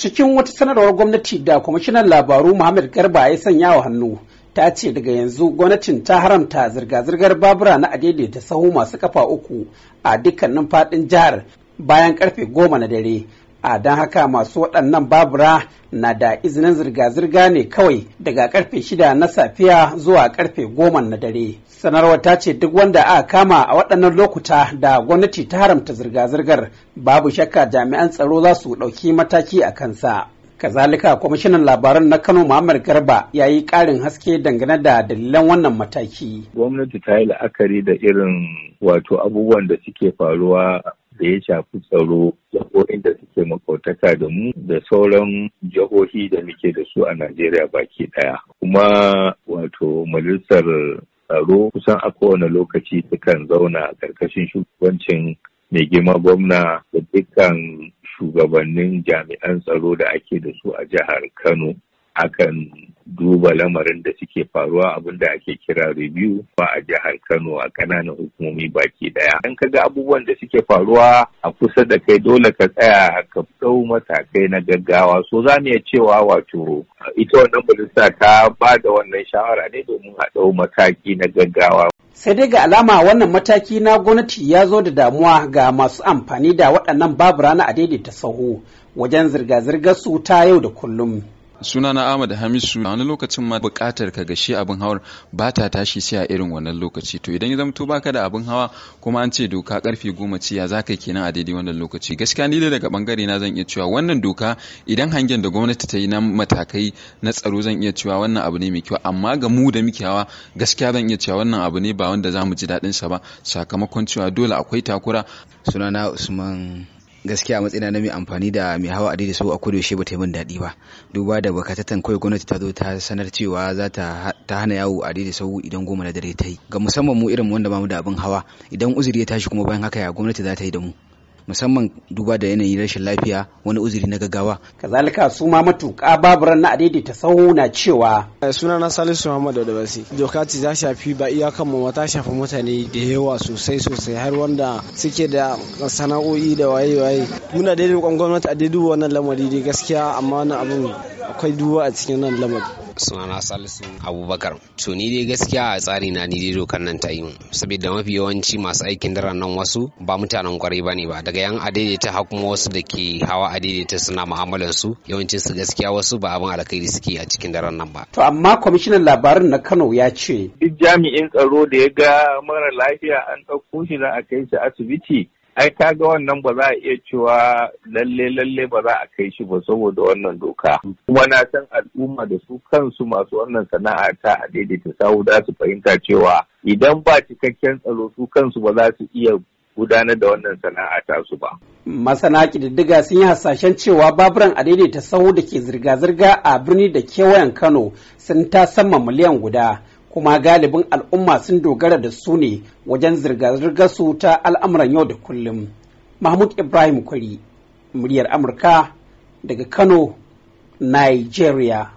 cikin wata sanarwar gwamnati da kwamishinan labaru muhammad garba ya sanya wa hannu ta ce daga yanzu gwamnatin ta haramta zirga-zirgar babura na da sahu masu kafa uku a dukkanin faɗin jihar bayan karfe goma na dare a don haka masu waɗannan babura na da izinin zirga-zirga ne kawai daga karfe shida na safiya zuwa karfe goma na dare sanarwar ta ce duk wanda aka kama a waɗannan lokuta da gwamnati ta haramta zirga-zirgar babu shakka jami'an tsaro za su ɗauki mataki a kansa kazalika kwamishinan labaran na kano muhammad garba ya yi ƙarin haske dangane da dalilan wannan mataki gwamnati ta yi la'akari da irin wato abubuwan da suke faruwa da ya shafi tsaro jihohin da suke makautaka da mu da sauran jihohi da muke da su a Najeriya baki daya. Kuma wato majalisar tsaro kusan a kowane lokaci sukan zauna a ƙarƙashin shugabancin mai girma gwamna da dukkan shugabannin jami'an tsaro da ake da su a jihar Kano. akan duba lamarin da suke faruwa abin da ake kira review ba a jihar Kano a ƙananan hukumomi baki daya. Idan ka ga abubuwan da suke faruwa a kusa da kai dole ka tsaya ka ɗau matakai na gaggawa. So za mu iya cewa wato ita wannan majalisa ta ba da wannan shawara ne domin a dau mataki na gaggawa. Sai dai ga alama wannan mataki na gwamnati ya zo da damuwa ga masu amfani da waɗannan babura na adaidaita sahu wajen zirga-zirgar su ta yau da kullum. suna na Ahmad Hamisu a wani lokacin ma bukatar ka gashi abin hawar ba ta tashi sai a irin wannan lokaci to idan ya zamto baka da abin hawa kuma an ce doka karfe goma ce ya zaka kenan a daidai wannan lokaci gaskiya ni daga bangare na zan iya cewa wannan doka idan hangen da gwamnati ta yi na matakai na tsaro zan iya cewa wannan abu ne mai kyau amma ga mu da muke hawa gaskiya zan iya cewa wannan abu ne ba wanda za mu ji daɗin sa ba sakamakon cewa dole akwai takura Suna na Usman gaskiya a matsayina na mai amfani da mai hawa adidi so a shi ba ta yi min daɗi ba duba da bakatatan kawai gwamnati ta zo ta sanar cewa za ta hana yawo adidi sau idan goma na dare ta yi ga musamman mu irin wanda ba mu da abin hawa idan uzuri ya tashi kuma bayan haka ya gwamnati za ta yi da mu musamman duba da yanayin rashin lafiya wani uzuri na gaggawa kazalika su ma matuƙa baburan na adaidaita sahu na cewa suna na salisu muhammad da basi doka ci ta shafi ba iyakan mu ta shafi mutane da yawa sosai sosai har wanda suke da sana'o'i da waye waye muna daidai gwamnati a daidai wannan lamari dai gaskiya amma wannan abin akwai duwa a cikin nan lamari sunana salisu abubakar to ni dai gaskiya a tsari na ni dai dokar nan ta yi saboda mafi yawanci masu aikin daren nan wasu ba mutanen kwarai ba ne ba daga yan adaidaita har kuma wasu da ke hawa adaidaita suna mu'amalar su yawancin su gaskiya wasu ba abin alkhairi suke a cikin daren nan ba to amma kwamishinan labarin na kano ya ce duk jami'in tsaro da ya ga mara lafiya an ɗauko shi za a kai shi asibiti ai ga wannan ba za a iya cewa lalle lalle ba za a kai shi ba saboda wannan doka kuma na san al'umma da su kansu masu wannan sana'a ta a daidaita sawu za su fahimta cewa idan ba cikakken tsaro su kansu ba za su iya gudanar da wannan sana'a ta su ba. Masana ƙididdiga sun yi hasashen cewa baburan a daidaita sahu da ke zirga-zirga a birni da kewayen Kano sun ta sama miliyan guda kuma galibin al'umma sun dogara da su ne wajen zirga-zirgar su ta al'amuran yau da kullum. Mahmud Ibrahim Kwari, muryar Amurka daga Kano, Nigeria.